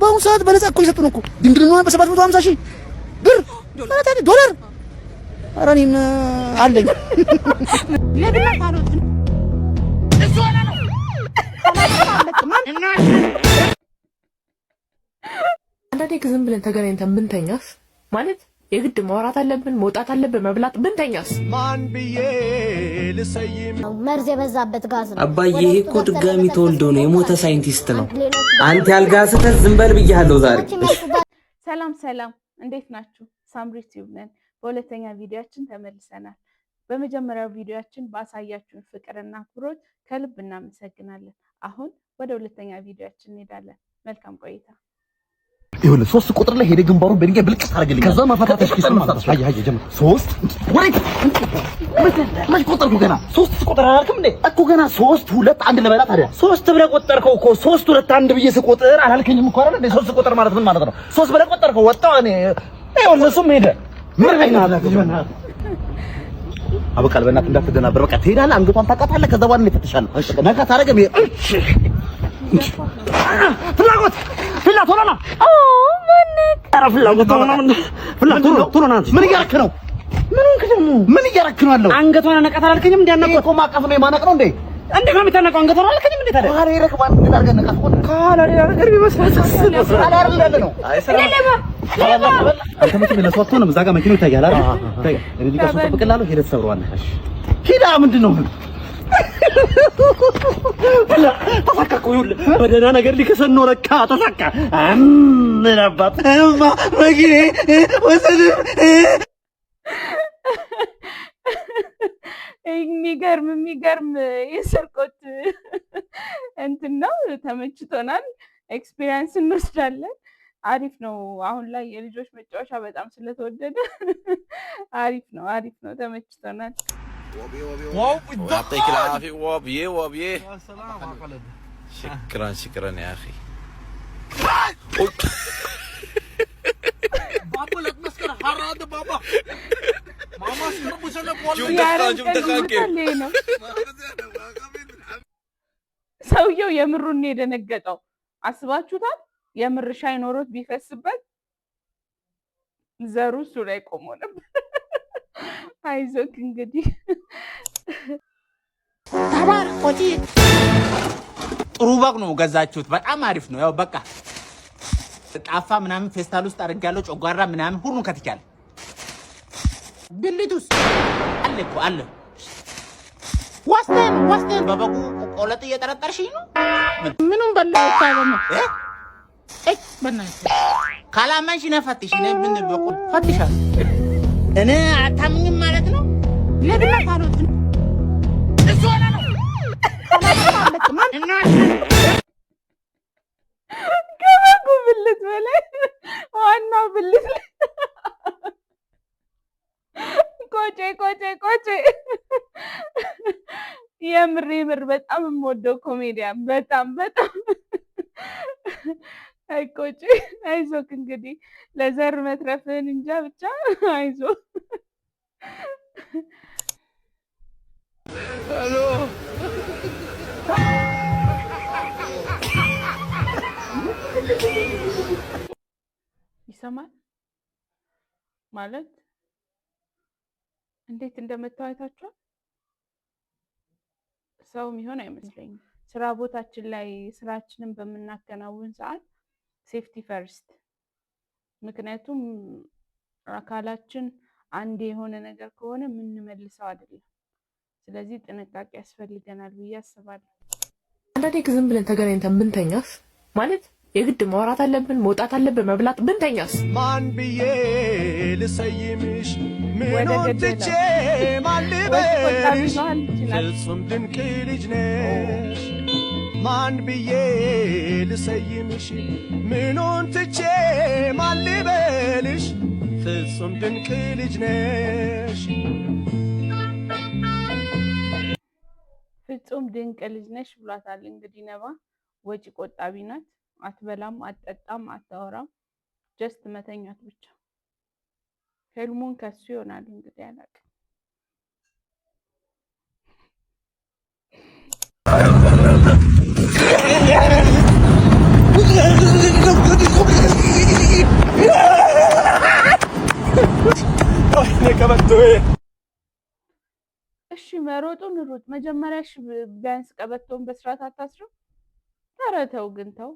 በአሁኑ ሰዓት በነፃ እኮ እየሰጡን እኮ ድንግልና በሰባት መቶ ሀምሳ ሺህ ብር ማለት አይደል ዶላር። ኧረ እኔም አለኝ አንዳንዴ ዝም ብለን ተገናኝተን ብንተኛስ ማለት የግድ ማውራት አለብን፣ መውጣት አለብን፣ መብላት ብንተኛስ ማን ብዬ ልሰይም? መርዝ የበዛበት ጋዝ ነው አባዬ። ይሄ እኮ ድጋሚ ተወልዶ ነው የሞተ ሳይንቲስት ነው። አንተ ያልጋስተህ ዝም በል ብያለሁ ዛሬ። ሰላም ሰላም፣ እንዴት ናችሁ? ሳምሪ ቲዩብ ነን። በሁለተኛ ቪዲዮችን ተመልሰናል። በመጀመሪያው ቪዲዮችን ባሳያችሁን ፍቅርና አክብሮት ከልብ እናመሰግናለን። አሁን ወደ ሁለተኛ ቪዲዮችን እንሄዳለን። መልካም ቆይታ ይኸውልህ ሶስት ቁጥር ላይ ሄደህ ግንባሩን በድንጋይ ብልቅስ አድርግልኝ። ከዛ ማፈታተሽ ኪሱ ማለት ነው። አየህ አየህ ጀምር። ሶስት ወሬት መች ቆጠርኩ ገና ሶስት ቁጥር አላልክም እንዴ እኮ ገና ሶስት ሁለት አንድ ልበላ። ታዲያ ሶስት ብለህ ቆጠርከው እኮ ሶስት ሁለት አንድ ብዬ ስቆጥር አላልከኝም እኮ አይደል? ሶስት ቁጥር ማለት ምን ማለት ነው? ሶስት ብለህ ቆጠርከው ወጣ። እኔ ይኸውልህ እሱም ሄደ። ምን አይነት አላልከኝም አበቃል። በእናትህ እንዳትደናበር። በቃ ትሄዳለህ፣ አንገቷን ታውቃታለህ። ከዛ በኋላ እኔ እፈትሻለሁ። ነካ ታደርገም። እሺ ፍላጎት ፍላጎት ቶሎ ና ምን እያረክ ነው? ምን እያረክ ነው አለው። አንገቷን አነቃት አላልከኝም? እንዲያነቆ እኮ ማቀፍ ነው የማነቅ ነው እንዴ? እንዴት ነው የሚታነቀው? አንገቷን አላልከኝም? እንዴት አለ ካሬ ረክ ማን እንዳርገ ነቃት ሆነ ካላ ሌላ ነገር ቢመስላት ካላ አይደል ያለ ነው። አንተ መቼም ለእሷ አትሆንም። እዛ ጋር መኪናው ይታያል አይደል? ሂዳ ምንድን ነው ተሳካ በደህና ነገር ሊከሰን ለካ ተሳካ። ምን አባት እማ መኪኔ ወሰድ። የሚገርም የሚገርም የሰርቆት እንትን ነው። ተመችቶናል። ኤክስፒሪየንስ እንወስዳለን። አሪፍ ነው። አሁን ላይ የልጆች መጫወቻ በጣም ስለተወደደ አሪፍ ነው፣ አሪፍ ነው። ተመችቶናል። يعطيك العافية وابي وابي شكرا شكرا يا أخي بابا لا تمسكر حراد بابا ماما شنو شنو شوف دخان شوف دخان كيف ሰውየው የምሩን የደነገጠው አስባችሁታል። የምር ሻይ ኖሮት ቢፈስበት ዘሩ እሱ ላይ ቆሞ ነበር። አይዞክ እንግዲህ ታባር ቆጪ ጥሩ በግ ነው ገዛችሁት። በጣም አሪፍ ነው። ያው በቃ ጣፋ ምናምን ፌስታል ውስጥ አድርጋለሁ። ጨጓራ ምናምን ሁሉ ከትቻለ። ብልቱስ አለ እኮ አለ። ዋስተን ዋስተን በበጉ ቆለጥ እየጠረጠርሽኝ ነው። ምንም በላው ታበማ እህ በእናትሽ ካላመንሽ ነፈትሽ ነብን ፈትሻል እኔ አታምኝም ማለት ነው። ገበጉ ብልት በላይ ዋናው ብልት ቆጬ ቆጬ ቆጬ የምር የምር በጣም የምወደው ኮሜዲያ በጣም በጣም አይቆጭ አይዞክ እንግዲህ ለዘር መትረፍን እንጃ ብቻ አይዞ ሄሎ ይሰማል ማለት እንዴት እንደመታወታቸው ሰው የሚሆን አይመስለኝም። ስራ ቦታችን ላይ ስራችንን በምናከናውን ሰዓት ሴፍቲ ፈርስት። ምክንያቱም አካላችን አንድ የሆነ ነገር ከሆነ የምንመልሰው አይደለም። ስለዚህ ጥንቃቄ ያስፈልገናል ብዬ አስባለሁ። አንዳንዴ ዝም ብለን ተገናኝተን ብንተኛስ ማለት የግድ ማውራት አለብን፣ መውጣት አለብን፣ መብላት ብንተኛስ? ማን ብዬ ልሰይምሽ? ምኑን ትቼ ማን ፍጹም ድንቅ ልጅ ነሽ ማን ብዬ ልሰይምሽ? ምኑን ትቼ ማን ልበልሽ? ፍጹም ድንቅ ልጅ ነሽ። ፍጹም ድንቅ ልጅ ነሽ ብሏታል። እንግዲህ ነባ ወጪ ቆጣቢ ናት። አትበላም፣ አትጠጣም፣ አታወራም። ጀስት መተኛት ብቻ ህልሙን ከሱ ይሆናል እንግዲህ አላቅ እሺ መሮጡን ሩጥ፣ መጀመሪያ እሺ፣ ቢያንስ ቀበቶን በስርዓት አታስርም። ተረተው ግን ተው፣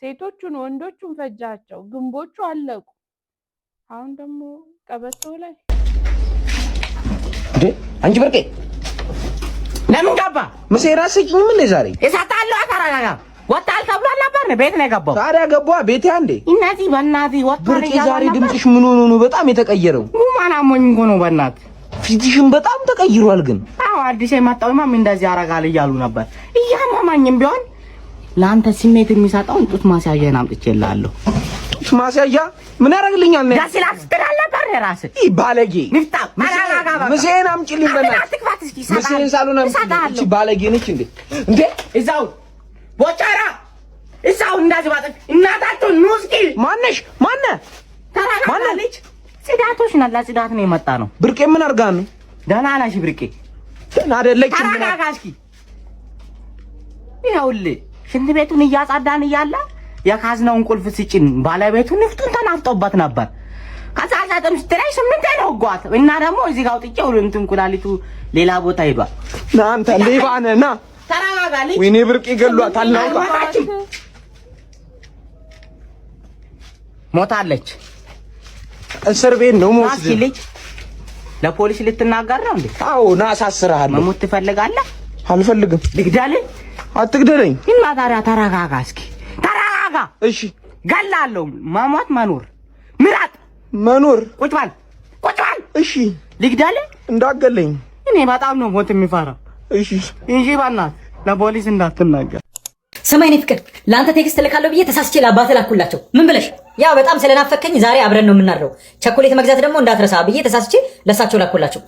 ሴቶቹን ወንዶቹን ፈጃቸው፣ ግንቦቹ አለቁ። አሁን ደግሞ ቀበቶ ላይ እንዴ! አንቺ በርቄ ለምን ገባ? ምሴ ራስህ ምን ዛሬ የሳታለው አካራጋ ወጣል ተብሏል ነበር። ቤት ነው የገባው። ታዲያ ገባ ቤት አንዴ እነዚህ በእናትህ ወጣ ነው ዛሬ ድምፅሽ ምን ሆኖ ነው በጣም የተቀየረው? ጉማና ሞኝ ሆኖ በእናትህ ፊትሽም በጣም ተቀይሯል። ግን አዎ አዲስ የመጣው ማም እንደዚህ ያደርጋል እያሉ ነበር። እያማማኝም ቢሆን ለአንተ ስሜት የሚሰጠውን ጡት ማስያዣን አምጥቼልሃለሁ። ጡት ማስያዣ ምን ያደርግልኛል? ነው ዳሲ ራስ ይባለጊ ንፍታ ማላጋ ባለ ምሴን አምጪልኝ በእናትህ ምሴን ሳሉና ባለጊ ነች እንዴ እንዴ እዛው ቦቻራ እሳው እንዳዚህ ባጠፍ እናታቸው ኑስኪ ማነሽ ማነ ማነች? ጽዳቶች ናላ ጽዳት ነው የመጣ ነው። ብርቄ ምን አርጋ ነው? ደህና ናሽ ብርቄ? ደህና አይደለች። ተረጋጋ እስኪ። ይኸውልህ ሽንት ቤቱን እያጸዳን እያለ የካዝናውን ቁልፍ ስጭን ባለቤቱ ንፍጡን ተናፍጦበት ነበር። ከዛ ዘጠኝ ስትለኝ ስምንት ነው ህጓት እና ደግሞ እዚህ ጋር አውጥቼ ሁሉ እንትን ኩላሊቱ ሌላ ቦታ ሄዷል። ናንተ ሌባ ነህ ና ተረጋጋ። ወይኔ ብርቅ ይገሏታል። ሞታለች። እስር ቤት ነው ሞት ለፖሊስ ልትናገር ነው እንዴ? አዎ ና አሳስርሃለሁ። መሞት ትፈልጋለህ? አልፈልግም። ልግደልህ? አትግደለኝ። ግን ታዲያ ተረጋጋ፣ እስኪ ተረጋጋ። እሺ ገላለሁ። መሞት መኖር ምራጥ መኖር። ቁጭ በል ቁጭ በል። እሺ ልግደልህ? እንዳገለኝ። እኔ በጣም ነው ሞት የሚፈራው እሺ እንጂ ባናት ለፖሊስ እንዳትናገር። ሰማይን ፍቅር ለአንተ ቴክስት ልካለሁ ብዬ ተሳስቼ ለአባት ላኩላቸው። ምን ብለሽ? ያው በጣም ስለናፈከኝ ዛሬ አብረን ነው የምናድረው፣ ቸኮሌት መግዛት ደግሞ እንዳትረሳ ብዬ ተሳስቼ ለሳቸው ላኩላቸው።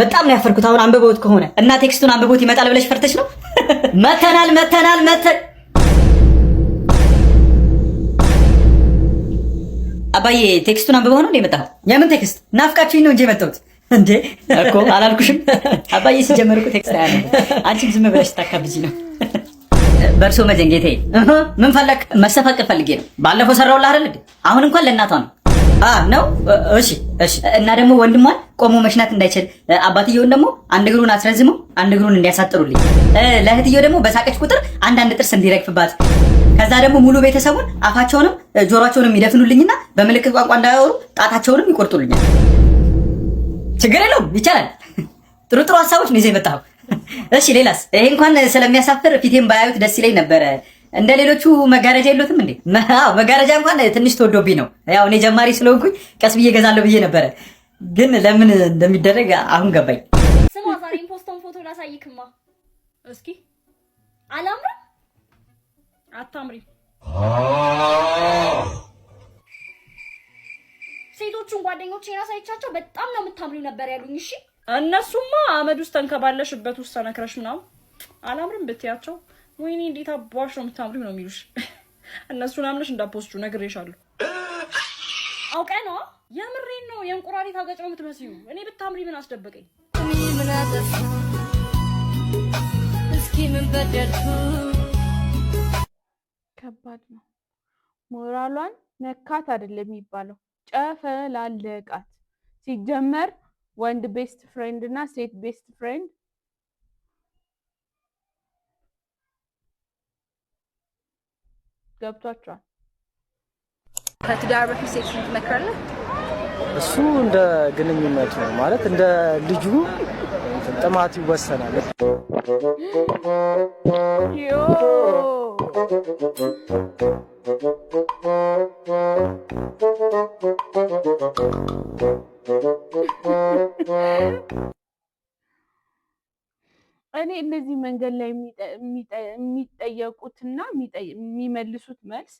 በጣም ነው ያፈርኩት። አሁን አንብበውት ከሆነ እና ቴክስቱን አንብቦት ይመጣል ብለሽ ፈርተሽ ነው? መተናል መተናል መተ አባዬ ቴክስቱን አንብበው ነው እንደ የመጣኸው? የምን ቴክስት? ናፍቃችሁኝ ነው እንጂ የመጣሁት እንዴ እኮ አላልኩሽም? አባዬ ሲጀመር እኮ ቴክስት ያለ አንቺም ዝም ብለሽ ታካብጂ ነው። በእርሶ መጀንጌቴ ምን ፈለክ? መሰፋቀል ፈልጌ ነው። ባለፈው ሰራውላ አይደል? አሁን እንኳን ለእናቷ ነው ነው። እሺ እሺ። እና ደግሞ ወንድሟን ቆሞ መሽናት እንዳይችል አባትየውን ደግሞ አንድ እግሩን አስረዝመው አንድ እግሩን እንዲያሳጥሩልኝ፣ ለእህትየው ደግሞ በሳቀች ቁጥር አንዳንድ ጥርስ እንዲረግፍባት፣ ከዛ ደግሞ ሙሉ ቤተሰቡን አፋቸውንም ጆሯቸውንም ይደፍኑልኝና በምልክት ቋንቋ እንዳያወሩ ጣታቸውንም ይቆርጡልኛል። ችግር የለውም ይቻላል። ጥሩ ጥሩ ሀሳቦች ነው ይዘህ የመጣኸው። እሺ ሌላስ? ይሄ እንኳን ስለሚያሳፍር ፊቴን ባያዩት ደስ ይለኝ ነበረ። እንደ ሌሎቹ መጋረጃ የለትም እንዴ? አዎ መጋረጃ እንኳን ትንሽ ተወዶብኝ ነው። ያው እኔ ጀማሪ ስለሆንኩኝ ቀስ ብዬ ገዛለሁ ብዬ ነበረ፣ ግን ለምን እንደሚደረግ አሁን ገባኝ። ስማ ዛሬ ፖስቶን ፎቶ ላሳይክማ እስኪ። አላምርም? አታምሪም ሴቶቹን ጓደኞቼን አሳይቻቸው በጣም ነው የምታምሪው ነበር ያሉኝ። እሺ እነሱማ አመድ ውስጥ ተንከባለሽበት ውስጥ ተነክረሽ ምናምን አላምርም ብትያቸው ወይኔ እንዴት አባሽ ነው የምታምሪው ነው የሚሉሽ። እነሱን አምነሽ እንዳፖስቹ ነግሬሻለሁ። አውቀ ነው የምሬን ነው። የእንቁራሪት አገጭ ነው የምትመስዩ። እኔ ብታምሪ ምን አስደበቀኝ? እስኪ ምን በደልኩ? ከባድ ነው። ሞራሏን ነካት አይደለም የሚባለው ጨፈላለቃት። ሲጀመር ወንድ ቤስት ፍሬንድ እና ሴት ቤስት ፍሬንድ ገብቷቸዋል። ከትዳር በፊት ሴት ትመክራለህ? እሱ እንደ ግንኙነት ነው ማለት እንደ ልጁ ጥማት ይወሰናል። እኔ እነዚህ መንገድ ላይ የሚጠየቁትና የሚመልሱት መልስ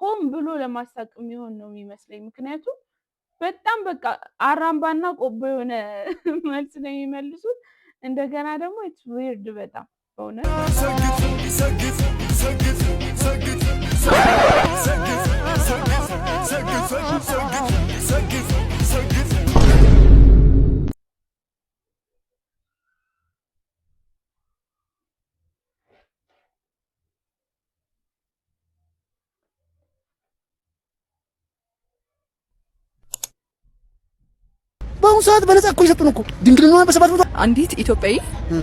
ሆን ብሎ ለማሳቅ የሚሆን ነው የሚመስለኝ። ምክንያቱም በጣም በቃ አራምባና ቆቦ የሆነ መልስ ነው የሚመልሱት። እንደገና ደግሞ ኢትስ ዊርድ በጣም ከሆነ ሰግጥ በአሁኑ ሰዓት በነፃ እኮ እየሰጡን እኮ ድንግልናዋን በሰባት መቶ አንዲት ኢትዮጵያዊ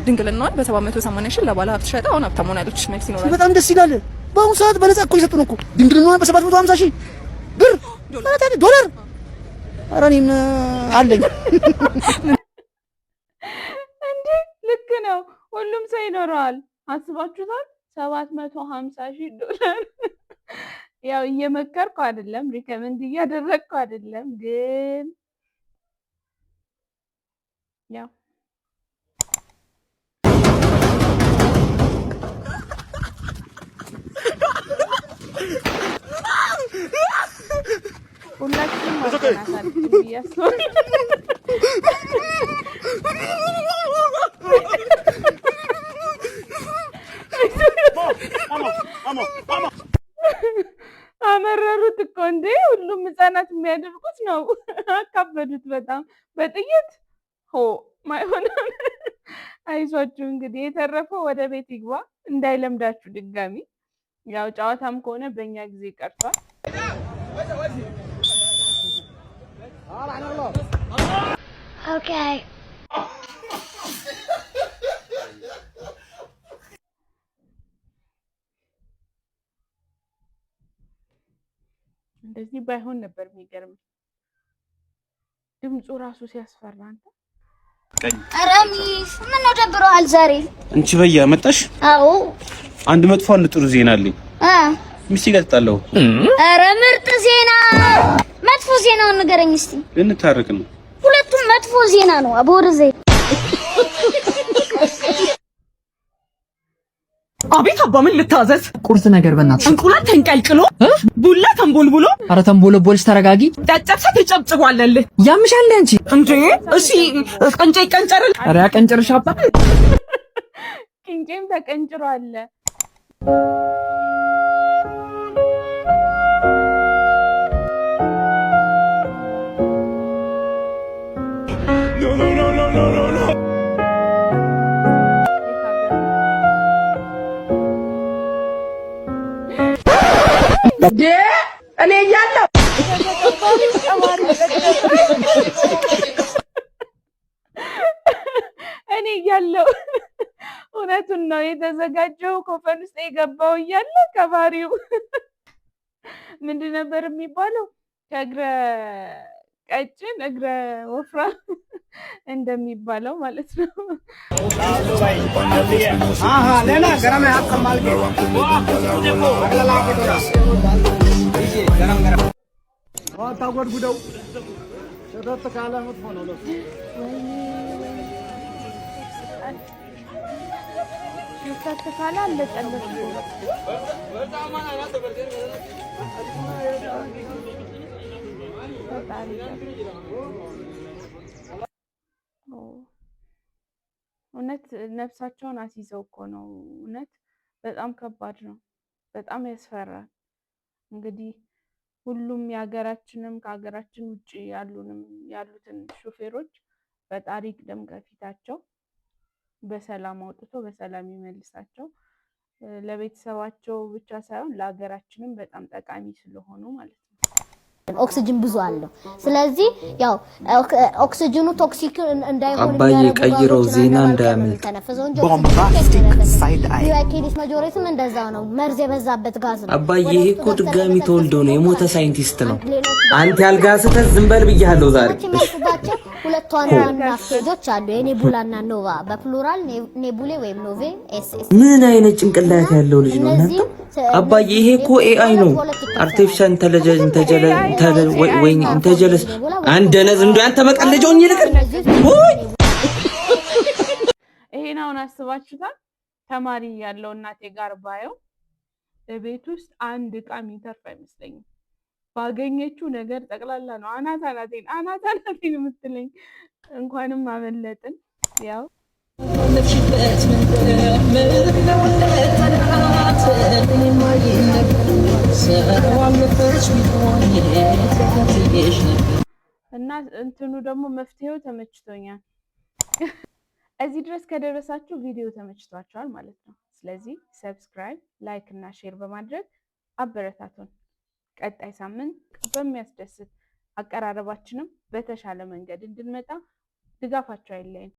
ድንግልናዋን በሰባት መቶ ሰማንያ ሺህ ለባለ ሀብት ሸጣ አሁን ሀብታም ሆናለች። መልስ ይኖራል። በጣም ደስ ይላል። በአሁኑ ሰዓት በነፃ እኮ እየሰጡን እኮ ድንግልናዋን በሰባት መቶ ሀምሳ ሺህ ብር ዶላር። ኧረ እኔም አለኝ እንዴ! ልክ ነው። ሁሉም ሰው ይኖረዋል። አስባችሁታል? ሰባት መቶ ሀምሳ ሺህ ዶላር ያው እየመከርኩ አይደለም፣ ሪከመንድ እያደረግኩ አይደለም ግን Ja. ሁላችንም አመረሩት እኮ እንዴ! ሁሉም ህጻናት የሚያደርጉት ነው። አካበዱት በጣም በጥይት ሆ አይዟችሁ እንግዲህ የተረፈው ወደ ቤት ይግባ እንዳይለምዳችሁ ድጋሚ። ያው ጨዋታም ከሆነ በእኛ ጊዜ ቀርቷል። እንደዚህ ባይሆን ነበር የሚገርም ድምፁ ራሱ ሲያስፈራ አንተ ምነው ደብረዋል ዛሬ? አንቺ በያ መጣሽ? አዎ። አንድ መጥፎ አንድ ጥሩ ዜና አለኝ። ሚስቴ ጋር ተጣላሁ። ኧረ ምርጥ ዜና። መጥፎ ዜናውን ንገረኝ እስቲ። ልንታረቅ ነው። ሁለቱም መጥፎ ዜና ነው። አቦር ዜና አቤት አባ ምን ልታዘዝ? ቁርስ ነገር በእናት እንቁላል ተንቀልቅሎ፣ ቡላ ተንቦልቡሎ። አረ ተንቦለቦልሽ፣ ተረጋጊ። ጨጨብሳ ተጨብጭቧለልህ። ያምሻል አንቺ እንዴ? እሺ ቀንጨ ይቀንጨርል። አረ ያቀንጨርሽ አባ ቅንጬም ተቀንጭሯል። እኔ እያለሁ እኔ እያለሁ እውነቱን ነው የተዘጋጀው። ኮፈን ውስጥ የገባው እያለ ከባሪው ምንድን ነበር የሚባለው ከእግረ ቀጭን እግረ ወፍራ እንደሚባለው ማለት ነው። ታጎድጉደው ሸተት ካለ መጥፎ ነው። ሸተት ካለ እውነት ነፍሳቸውን አስይዘው እኮ ነው። እውነት በጣም ከባድ ነው። በጣም ያስፈራል። እንግዲህ ሁሉም የሀገራችንም ከሀገራችን ውጭ ያሉንም ያሉትን ሹፌሮች በጣሪክ ደም ከፊታቸው በሰላም አውጥቶ በሰላም ይመልሳቸው። ለቤተሰባቸው ብቻ ሳይሆን ለሀገራችንም በጣም ጠቃሚ ስለሆኑ ማለት ነው። ኦክሲጅን ብዙ አለው። ስለዚህ ያው ኦክሲጅኑ ቶክሲክ እንዳይሆን አባይ ቀይረው ዜና እንዳያመልጥ ኬዲስ እንደዛው ነው። መርዝ የበዛበት ጋዝ ነው። አባይ ይሄ እኮ ድጋሚ ተወልዶ ነው የሞተ ሳይንቲስት ነው። አንተ ያልጋስተህ ዝም በል ብያለሁ ዛሬ ሁለት ዋና ስቴጆች አሉ። የኔቡላና ኖቫ በፕሉራል ኔቡሌ ወይም ኖቬ ምን አይነት ጭንቅላት ያለው ልጅ ነው እናንተ? አባዬ ይሄ እኮ ኤአይ ነው፣ አርቲፊሻል ኢንተለጀንስ አንድ ነዝ አንተ ይሄን አሁን አስባችሁታል? ተማሪ ያለው እናቴ ጋር ባየው ቤት ውስጥ አንድ እቃ የሚተርፍ አይመስለኝም። ባገኘችው ነገር ጠቅላላ ነው አናት አናቴን አናት አናቴን የምትለኝ። እንኳንም አመለጥን። ያው እና እንትኑ ደግሞ መፍትሄው ተመችቶኛል። እዚህ ድረስ ከደረሳችሁ ቪዲዮ ተመችቷቸዋል ማለት ነው። ስለዚህ ሰብስክራይብ፣ ላይክ እና ሼር በማድረግ አበረታቱን። ቀጣይ ሳምንት በሚያስደስት አቀራረባችንም በተሻለ መንገድ እንድንመጣ ድጋፋቸው አይለይም።